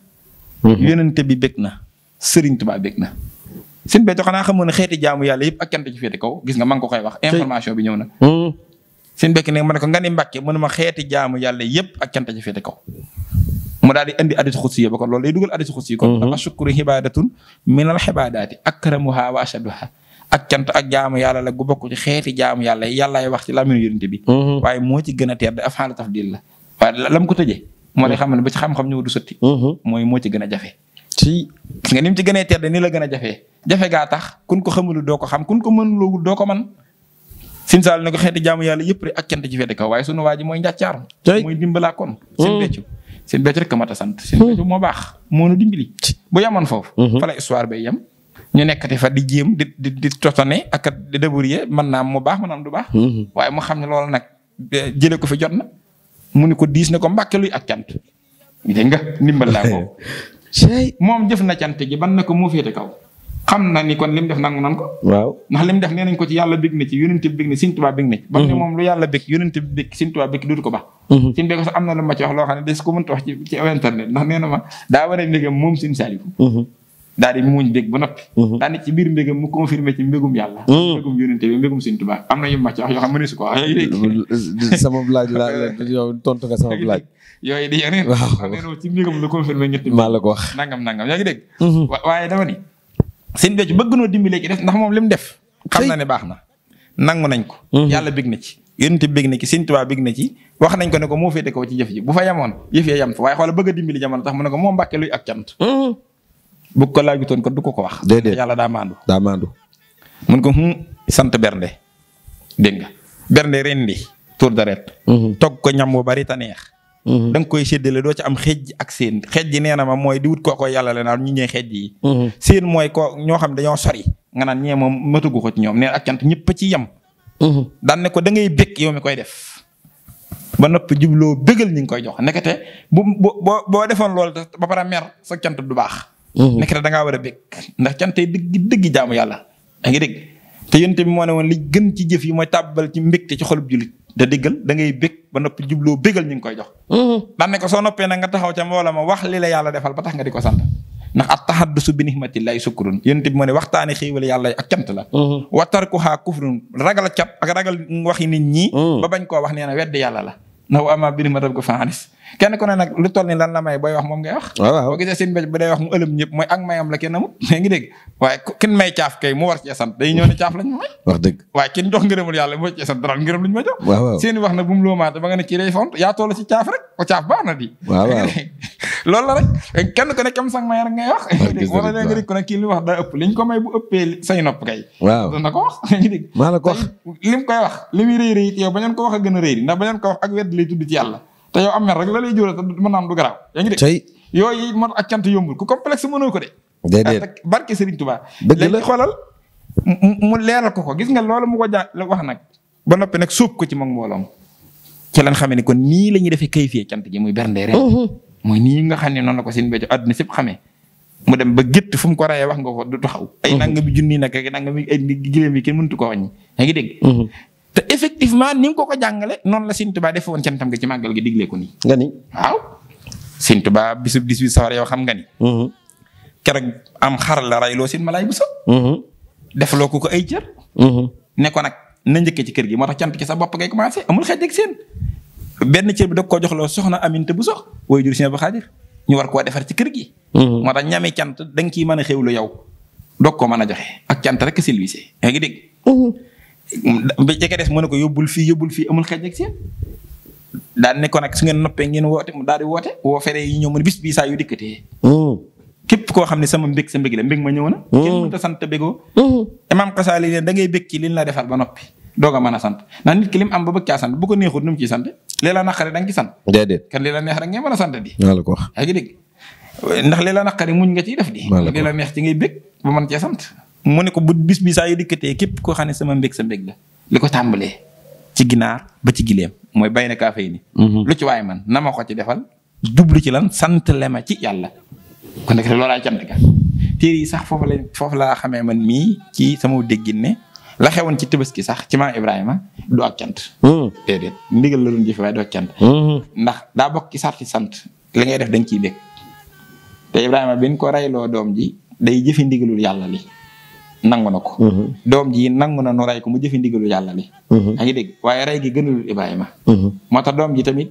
Mhm. yonente bi bég na Serigne Touba bég na. sin becco xanaa xamoon ne xeeti jaamu yàlla yëpp ak cant ci féete kaw gis nga maa ngi ko koy wax information bi ñëw na. Mhm. sin bekk ne ma ne ko nga ni mbàkke mu ne ma xeeti jaamu yàlla yëpp ak cant ci féete kaw. mu daal di andi adis xutsi ba ko loolu day dugal adis xutsi kon mhm. dafa sukuru xibadatun minal xibadaati akramuha wa ashaduha ak cant ak jaamu yàlla la gu bokk ci xeeti jaamu yàlla yàllaay wax ci laminu yonente bi mm-hmm. waaye moo ci a tedd afaala tafdil la waaye lam ko tëjee moo lay mm-hmm. xamal ba ci xam-xam ñëw du sotti mm-hmm. mooy moo ci gën a jafe ci gis nga ni mu ci gënee tedd ni la gën a jafe jafe gaa tax man sin saal ko xeeti jaamu yàlla yëpp rek ak cant ci fete kaw waaye sunu waa ji mooy njàccaar mooy dimbalaa kon seen beccu seen beccu rek ka mat a sant seen beccu moo baax moo nu dimbali bu yamoon foofu fa histoire bay yem ñu nekkati fa di jéem di di di totone ak di débrouiller mën naa mu baax ma naa du baax. Mm-hmm. waaye mu xam ne loolu nag jëlee ko fi jot na mu ni ko diis na ko mbàkke luy ak cant. dégg nga ndimbal laa ko. [laughs] moom jëf na cant gi ban na ko moo féete kaw. xam na ni kon lim def nangu nan ko. waaw ndax lim def nee nañ ko ci yàlla bég na ci yonent bi bég na Sëñ Tuubaa bég na ci. ba ne mm-hmm. moom lu yàlla bég yonent bi bég Sëñ Tuubaa ko baax. Mm-hmm. Sëñ bi ko am na lu ma ci wax loo xam ne des ko mënut a wax ci ci internet ndax nee na ma daa war a liggéeyam moom Sëñ Saaliw daal di muuñ bég ba noppi mhm. daani ci biir mbégam mu confirmé ci mbégum yàlla mhm. mbégum yónente bi am na yu ma ci yoo xam mëne su ko wax sama laaj laa [laughs] yow tontu nga sama laaj yooyu di yeneen waaw neen ci mbégam la confirmé ñetti maa la ko wax nangam nangam yaa ngi dégg mhm. waaye dama ni seen becc bëgg noo dimbale ci def ndax moom li mu def xam na ne baax na nangu nañ ko yàlla bég na ci yónente bi bég na ci Sëñ Tuubaa bég na ci wax nañ ko ne ko moo féete ko ci jëf ji bu fa yamoon yëf ya yam fa waaye xoola bëgg a dimbali jamono tax mu ne ko moo mbàkke luy ak cant bu ko laajutoon kon du ko ko wax. yàlla daa maandu. daa mun ko hum sant bernde dégg nga bernde rendi tour de ret mm-hmm. togg ko ñam bu bari ta neex. Mm-hmm. da koy seddale doo ci am xeej ak seen xeej ji nee na ma mooy di wut ko yàlla la naan ñu ñee xeej yi. Mm-hmm. seen mooy ko ñoo xam dañoo sori. nga naan ñee moom matugu ko ci ñoom nee ak cant ñëpp ci yem. daa ne ko dangay ngay bëgg yow mi koy def. ba nopp jubloo bëggal ñi ngi koy jox nekkate bu boo boo defoon loolu ba pare mer sa cant du baax. nekk da nga wara a ndax ndax tay deug deug jaamu yalla da ngi deg te yent bi moo ne woon li gën ci jëf yi moy tàbbal ci mbégte ci xolub julit da deggal da ngay bég ba nopi jublo begal ñing koy jox daan ne ko so noppé nak nga taxaw ci mboola ma wax li la yalla defal ba tax nga di sant ndax at tahaddusu bi llahi shukrun yent bi moo ne waxtaane xiiwale ak cant la wa tarkuha kufrun ragal ciap ak ragal waxi nit ñi ba bañ ko wax neena wedd yalla la naw ama bi nihmatab ko hanis kenn ku ne nag lu toll la may booy wax moom ngay wax. waaw boo gisee seen mbéj bi day wax mu ëlëm ñëpp mooy ak mayam la kenn amut mais [laughs] ngi dégg wax dëgg waaye kin jox ngërëmul yàlla mu ma jox. waaw seen wax na bu mu loomaate ba nga ko na di. [laughs] la ne kam sang may rek wax. wala da wax daa ëpp [laughs] lim koy wax li rëy rëy it bañoon ko wax a gën a rëy ndax bañoon ko wax ak wedd lay tudd ci te yow am mer rek la lay jural te mën naa am du garaaw yaa ngi dégg. tey yooyu man ak yombul ku complexe mënoo ko de. déedéet barke Serigne Touba. dëgg xoolal mu leeral ko ko gis nga loolu mu ko jaa la wax nag. ba noppi nag suub ko ci mag mbooloom ci lan xamee ni kon nii la ñuy defee kayfiyee cant gi muy berndee rek. Uhuh. mooy nii nga xam ne noonu la ko seen mbéjo àdduna sépp xamee. mu dem ba gétt fu mu ko rayee wax nga ko du taxaw. ay uhuh. nangami junni nag ak nangami ay gileem yi kenn mëntu ko wàññi a ngi dégg. Uhuh. effectivement ni ko ko jàngale noonu la Sëriñ Tuubaa defe woon cantam nga ci màggal gi diglee ko nii. nga ni xam nga ni. Mm-hmm. keroog am xar la rayloo seen malaay bu so. Mm-hmm. loo ko ko ay cër. Mm-hmm. ne nag na njëkkee ci kër gi moo tax cant ci sa bopp ngay commencé amul xeet ak seen. benn cër bi da koo loo soxna aminte bu sox way jur Sëriñ Abdu Xaadir ñu war koo defar ci kër gi. moo tax ñame cant da nga ciy mën a xéwlu yow doog koo mën a joxe ak cant rek a silvissé yaa ngi dégg. bi ca des mu ne ko yobul fi yobul fi amul xajj ak seen daan ne ko nak su ngeen noppé ngeen wote mu daal di wote wo féré yi ñoom bis bi sa yu dikkatee. hmm kep ko xamni sama mbég sa mbég la mbég ma ñew na. Hmm. kenn ta sante bego hmm imam qasali ne da ngay bég ci li la defal ba noppi doga a sante na nit ki lim am ba bekk ya sante bu ko neexut num ci sante leela lii dang ci sante dedet kan leela neex rek ngay mën sante di. yaa la ko wax yaa ngi dégg ndax leela la muñ nga ci def di. leela neex ci ngay bekk bu man ci sante mu ne ko bu bis bi saa yu képp koo xam ne sama mbég sa mbég la li ko tàmbalee ci ginaar ba ci gileem mooy bay ka kaafé ni mhm. lu ci waay man nama ma ko ci defal jublu ci lan sant le ma ci yàlla kon nag loolaay cant sax foofu la laa xamee man mii ci sama déggin ne la ci tabaski sax ci maam Ibrahima du ak cant. Mhm. déedéet ndigal la mhm. ndax daa bokk ci sarti sant li ngay def dañ ciy bég te Ibrahima bi ko reyloo doom ji day jëfi ndigalul yàlla li nangu na ko. Mhm. doom ji nangu na nu ray ko mu jëfi ndigalu yàlla li. Mhm. a ngi dégg waaye rey gi gënalul Ibrahima. Mhm. moo tax doom ji tamit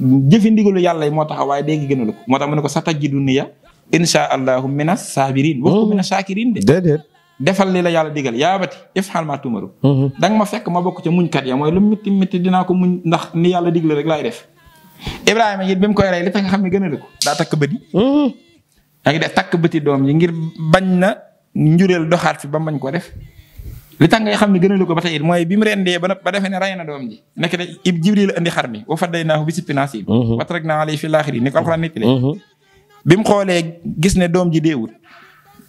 jëfi ndigalu yàlla yi moo tax waaye dee gi gënalu ko moo tax mu ne ko sa tajji du niya insha allahu mina sabirin wax ko mina shakirin de. defal li la yàlla digal yaabati ifxal maa tumaru. da nga ma fekk ma a ca muñkat ya mooy lu métti métti dinaa ko muñ ndax ni yàlla digle rek laay def. Ibrahima it bi mu koy rey li tax nga xam ne gënalu ko daa takk bëti. yaa ngi def doom yi ngir bañ na. njurel doxat fi ba mañ ko def li tax ngay xamni gënal ko ba tey mooy bi mu rendee ba ba defee ne rey doom ji nek ne ib jibril andi xarmi wa fadaynahu bi mhm. wa tarakna alayhi fi laaxiri ni ko alxuraan nettali mhm. bi mu xoolee gis né doom ji déwul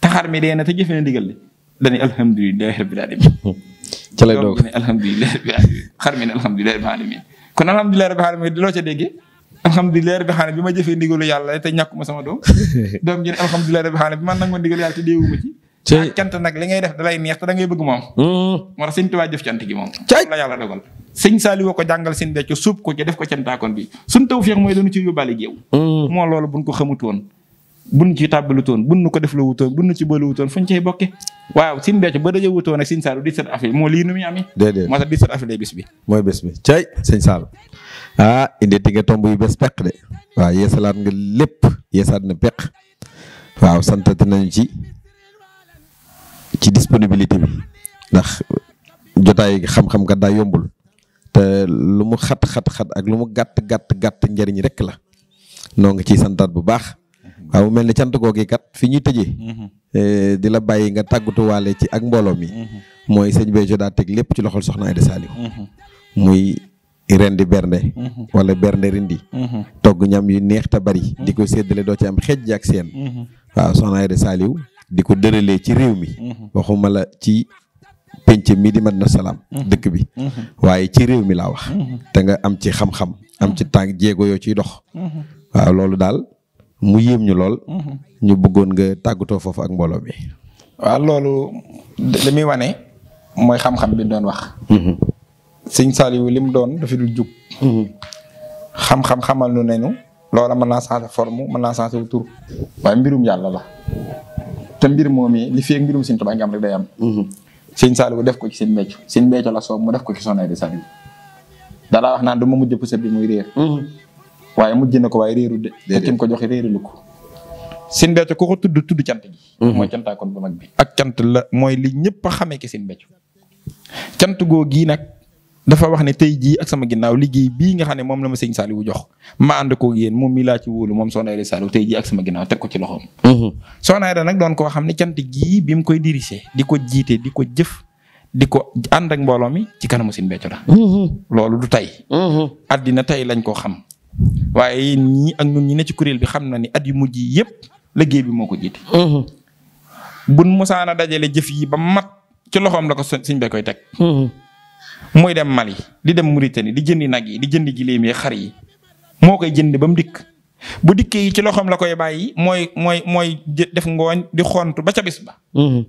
te xar mi na ndigal li dani alhamdulillahi rabbil alamin [laughs] ci lay doog ne rabbil alamin xar rabbil alamin kon alhamdulillahi rabbil alamin loo ca déggee alhamdulilah rabbi xaana bi ma jëfee ndigalu te ñakuma sama doom [laughs] doom ji ne rabbil alamin xaana bi ma ndigal yalla te deewuma ci ak cant nag li ngay def dalay neex te da ngay bëgg moom mm. moo tax sëñ Tuubaa jëf cant gi moom la yàlla dogal sëñ Saaliw ko jàngal seen becc suub ko ci def ko cantaakoon bi suñ tawfeex mooy dañu ci yóbbaale géew mm. moo loolu buñ ko xamutoon buñ ci tàbbalutoon buñ nu ko def la wutoon buñ nu ci boole wutoon fuñ cay bokke waaw sin becc ba daje wutoon ak sëñ Saaliw dix-sept avril moo lii nu muy amee déedéet moo tax dix-sept avril lay bis bi mooy bés bi cay sëñ Saaliw ah indeeti nga tomb yu peq waaw yeesalaat nga na ci ci disponibilité bi ndax jotaay xam-xam kat daa yombul te lu mu xat xat xat ak lu mu gàtt gàtt gàtt njëriñ rek la noo ci ciy santaat bu baax waaw mel ni cant googu kat fi ñuy tëjee. Mm-hmm. Eh, di la bàyyi nga tàggatuwaale ci ak mbooloo mi. Mm-hmm. mooy sëñ Béthio daa teg lépp ci loxol soxna Aïda Saliou. Mm-hmm. muy rendi bernde. wala bernde rindi. togg ñam yu neex te bari. di ko séddale doo ci am xeej ak seen. waaw soxna Aïda Saliou di ko dëralee ci réew mi mhm. waxuma la ci penc mi di mat na salaam mhm. dëkk bi mhm. waaye ci réew mi laa wax te nga am ci xam-xam am ci tànk jéego yoo ciy dox waaw loolu daal mu yéem ñu lool ñu bëggoon nga tàggatoo foofu ak mbooloo bi waaw loolu li wane mooy xam-xam bi doon wax sëñ Saliou li mu doon dafa dul jug xam-xam xamal nu ne nu loola mën naa changer forme mën naa changer tur waaye mbirum yàlla la te mbir moom yi li fii ak mbirum Sëñ Tuubaa ngi am rek day am. Mhm. Sëñ def ko ci seen mbéccu seen mbéccu la soob mu def ko ci Soxna Aida Saliou dalaa wax naan du ma mujj bi muy réer. Mhm. waaye mujj na ko waaye réeru de. te kim ko joxe réerulu ko. seen mbéccu ku ko tudd tudd cant gi. Mhm. mooy kon bu mag bi. ak cant mooy li ñëpp a xamee ki seen mbéccu. cant goo gii nag. dafa wax ne tey jii ak sama ginnaaw liggéey bii nga xam ne moom la ma sëñ Saliou jox ma ànd ko yéen moom mi laa ci wóolu moom Soxna Aida Saliou tey jii ak sama ginnaaw teg ko ci loxoom. Mm-hmm. Soxna nag doon koo xam ne cant gii bi mu koy dirigé di ko jiite di ko jëf di ko ànd ak mbooloo mi ci kanamu Sëñ Béthio la. Mm-hmm. loolu du tey. addina mm-hmm. tey lañ ko xam. waaye yéen ñii ak ñun ne ci kuréel bi xam na ni at yu mujj yi yëpp liggéey bi moo ko jiite. buñ musaana dajale jëf yi ba mat ci loxoom la ko sëñ bi koy teg. mooy dem Mali di dem Mauritanie di jëndi nag yi di jëndi gileem yi xar yi moo koy jënd ba mu dikk bu dikkee yi ci loxoom la koy bàyyi mooy mooy mooy def ngooñ di xontu ba ca bis ba. Mm-hmm.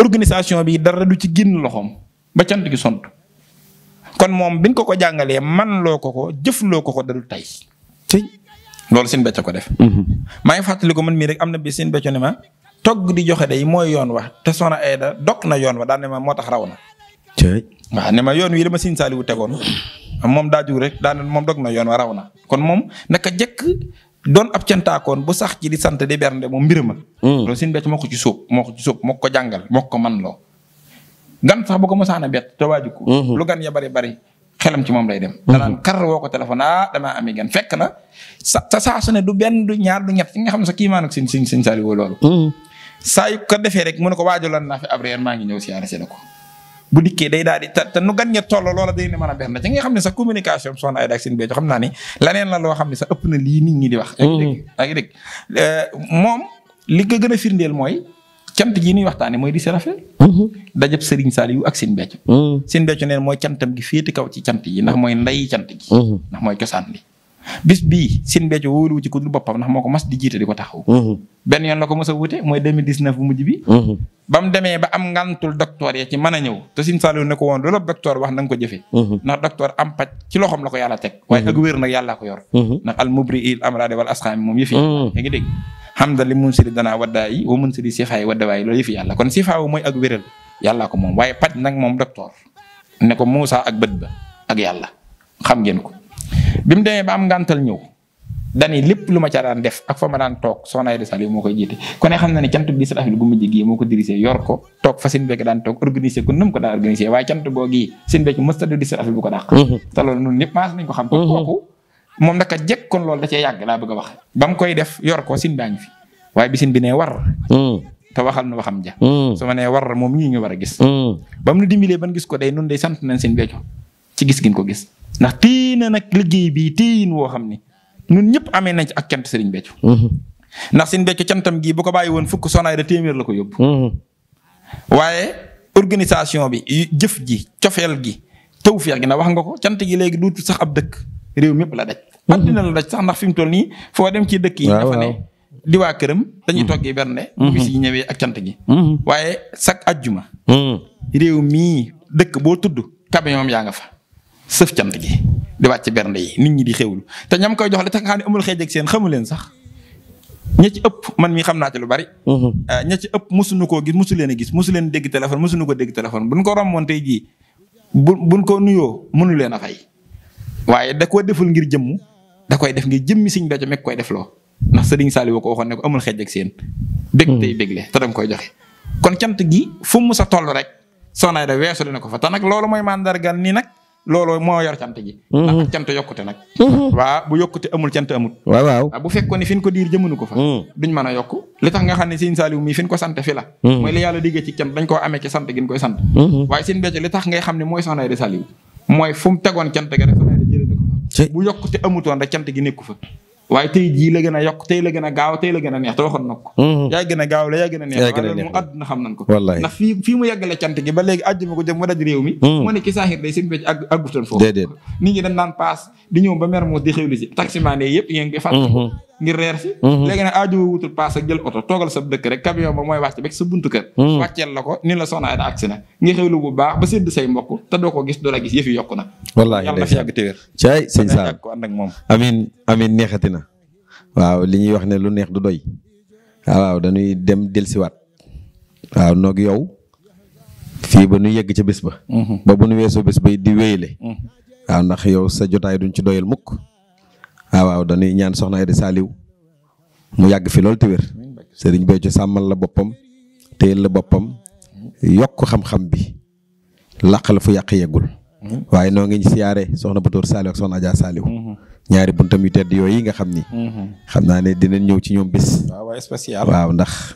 organisation bi dara du ci génn loxoom ba cant gi sont kon moom biñ ko ko jàngalee man loo ko ko jëfloo ko ko dadul tey. loolu seen becc ko def. Mm-hmm. maa ngi fàttali ko man mii rek am na bi seen becc ne ma togg di joxe day mooy yoon wa te sona Aida dog na yoon wa daan ma moo tax raw na. waaw ne ma yoon wi dama Sëriñ Saaliwu tegoon moom daa jug rek daa daanaka moom dog na yoon wa raw na kon moom naka jëkk doon ab cantaakoon bu sax ci di sant di bernde moom mbir ma. Hmm. loolu Sëriñ Béthio ko ci sóob moo ko ci sóob moo ko jàngal moo ko man loo gan sax bu ko mosaana bett te waaju ko hmm. lu gan ya bari bari xelam ci moom lay dem. Hmm. danaan kar woo ko téléphone ah damaa amee gan fekk na sa sa saa su ne du benn du ñaar du ñett fi nga xam ne sa kii maa nag Sëriñ Sëriñ Saaliwu saa yu ko defee rek mu ne ko waajuloon naa fi maa ngi ñëw siyaare si ko. bu dikkee day daal di te te nu gan ña toll loola day ne mën a benn ci nga xam ne sa communication bi soxna Aida ak seen béykat xam naa ne leneen la loo xam ne sa ëpp na lii nit ñi di wax. ak dégg euh, moom li nga gën a firndeel mooy. cant gi ñuy waxtaane mooy di si rafet mm-hmm. dajab sëriñ Saliou ak seen beccu seen beccu neen mooy cantam gi féete kaw ci cant yi ndax mooy nday cant gi ndax mooy mm-hmm. cosaan li bis bi sin be ci ku papa kudul bopam nak moko mas di jiite di taxaw uhuh mhm. ben yon lako mos wuté moy 2019 bu mujj bi mhm. ba bam démé ba am ngantul docteur ya ci mën ñew te sin salu nako won woon loolu docteur wax na ko jëfé mhm. na docteur am pat ci loxom lako yalla tek way ak wër nak yalla ko yor nak al mubri il amraade wal asqam mom yëfi yaa ngi deg xam munsir dana wadai, siri wa munsir siri wadai waddawaay loolu yalla kon sifaw moy ak wéral yalla ko mom waaye pat nak mom docteur ne ko musa ak bët ba ak yalla xam ngeen ko bim mu ba am gantal ñew dani lepp luma ci daan def ak fa ma daan tok soxna Aida Saliou moo koy jiite ku ne xamna ni ne cantu bi sat afil gu mujj gii moo yor ko tok fa bekk daan tok organiser ko num ko daan organiser way bekk di sat bu ko dàq mhm. ta loolu nun ñëpp maas nañ ko xam mhm. kon mom naka jek kon loolu da ci yag la bëgg wax bam koy def yor ko sin bisin binewar, fi way bi sin bi ne war mhm. ta waxal na waxam ja su ma war mom ñi ñu wara gis bam nu ban gis ko day nun day sant nañ sin bekk ci gis gin ko gis ndax téye na nag liggéey bi téyin woo xam ni nun ñëpp amee nañ ci ak cant Serigne Béthio. Mhm. ndax Serigne Béthio cantam gii bu ko bàyyi woon fukk sonaay da téeméer la ko yóbbu. Mhm. waaye organisation bi jëf ji cofeel gi tawfeex gi na wax nga ko cant gi léegi duutu sax ab dëkk réew mépp la daj. Mhm. àddina la sax ndax fi mu toll nii foo dem ci dëkk yi. dafa ne di waa këram. dañuy toggee bernde. bis ñëwee ak cant gi. waaye chaque ajjuma. réew mii dëkk boo tudd camion yaa nga fa. sëf cant gi di wàcc bernde yi nit ñi di xewlu te ñam koy jox li tax xam ne amul xeej seen xamu sax ña ëpp man mii xam naa ci lu bari. Mhm. Euh, ña ci ëpp mosuñu koo gis mosu leen a gis mu leen dégg téléphone mosuñu ko dégg téléphone buñ ko romboon tey jii bu buñ ko nuyoo mënu leen a fay. waaye da koo deful ngir jëmm da koy def ngir jëmmi siñ bejo mekk koy def loo ndax Sëriñ Saliou ko waxoon ne ko amul xeej ak seen. dégg mhm. tey dégle te danga koy joxe kon cant gi fu mu sa rek soxna Aida weesu dina ko fa te nag loolu mooy mandargal nii nag looloo moo yor cant gi. Mhm. ndax cant yokkute nag. Mhm. waa bu yokkute amul cant amul. waaw bu fekkoon ne fi ñu ko diir jëmunu ko fa. Mhm. duñ mën a yokk li tax nga xam ne Serigne Saliou mii fi ko sant fi la. mooy li yàlla diggee ci cant dañ koo amee sant gi ñu koy sant. waaye Serigne tax ngay xam ne mooy Soxna Aida Saliou mooy fu mu tegoon cant ga rek bu yokkute amutoon rek cant gi nekku fa. waaye tey jii la gën a yokk tey la gën a gaaw tey la gën a neex te waxoon na ko mm-hmm. yaa gën a gaaw la yaa gën a neex waaye moom àdduna xam nañ ko wallaay ndax fii fii mu yàggale cant gi ba léegi àjjuma mu daj réew mi mu mm-hmm. ne ki saaxir day seen fecc àggutoon foofu nit ñi naan paas di ñëw ba Mermoz di xewli si taximaan yi yëpp mhm. ngir reer si mhm. léegi nag aajo wutul paas ak jël oto toogal sa dëkk rek camion ba mooy wàcc bek sa buntu kër mhm. wàcceel la ko ni la soxna Aida agsi bu baax ba say mbokk te doo ko gis doo la gis yëf yi yokku na wallaahi yàlla na fi te na waaw li ñuy wax ne lu neex du doy waaw dañuy dem delsiwaat waaw noog yow fii ba nu yegg ca bés ba ba bu nu weesoo bés ba di wéyle waaw ndax yow sa jotaay duñ ci doyal mukk waaw ah, waaw dañuy ñaan soxna Aida Saliou mu yàgg fi loolu te wér sëriñ Béthio sàmmal la boppam téyel la boppam yokk xam-xam bi làq la fu yàq yeggul waaye noo ngi siyaare soxna Batoor Saliou ak soxna Adja Saliou ñaari buntam yu tedd yooyu yi nga xam ni mm-hmm. xam naa ne dinañ ñëw ci ñoom bis waaw waaw ndax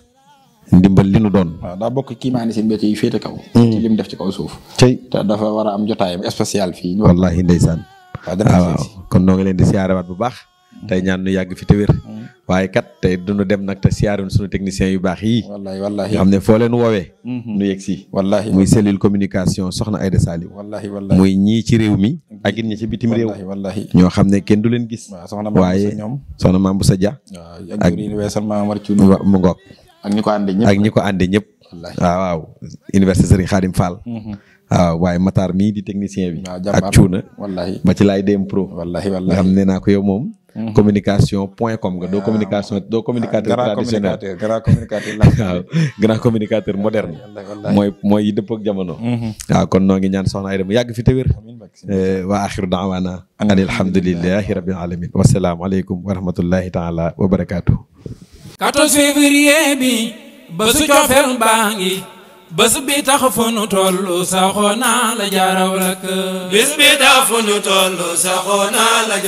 ndimbal li nu doon. waaw bokk kii maanaam seen mbéy yi féete kaw. Mm. ci lim def ci kaw suuf. tey te dafa war a am jotaayam spécial fii. wallaahi ndeysaan. Ah, kon noo ngi leen di siyaarewaat bu baax. Mm. tey ñaan nu yàgg fi te wér. Mm. waaye kat tey duñu dem nag te siyaaroon sunu techniciens yu baax yii. wallaahi wallaahi xam ne foo leen woowee. Mm-hmm. nu yegg si. wallaahi muy cellule communication soxna Aïda Saliou. wallaahi wallaahi muy ñii ci réew mi. ak it ñi ci bitim réew. wallaahi ñoo xam ne kenn du leen gis. waaye soxna Mame Boussa Dia. waaye ak jur yi weesal maa war ak ñi ko àndee ñëpp ak ñi ko àndee ñëpp. waaw ah, waaw université Serigne Khadim Fall. waaw mm-hmm. ah, waaye Matar mii di technicien bi. Ah, ak cuuna wallaahi ba ci laay dem pro. wallaahi wallaahi nga xam ne naa ko yow moom. Mm-hmm. communication point comme nga doo communication doo communicateur traditionnel grand communicateur [laughs] waaw grand communicateur moderne mooy mooy yi mm-hmm. kon noo ngi ñaan soxna Aida mu yàgg fi te wér eh, wa axiru daawaana an alhamdulillahi rabbil alamin wasalaamu aleykum wa taala wa barakatuh 14 février bi bésu cofeel baa ngi bés bi tax fu tollu saxoo naa la jaaraw la kër bés bi tollu saxoo naa la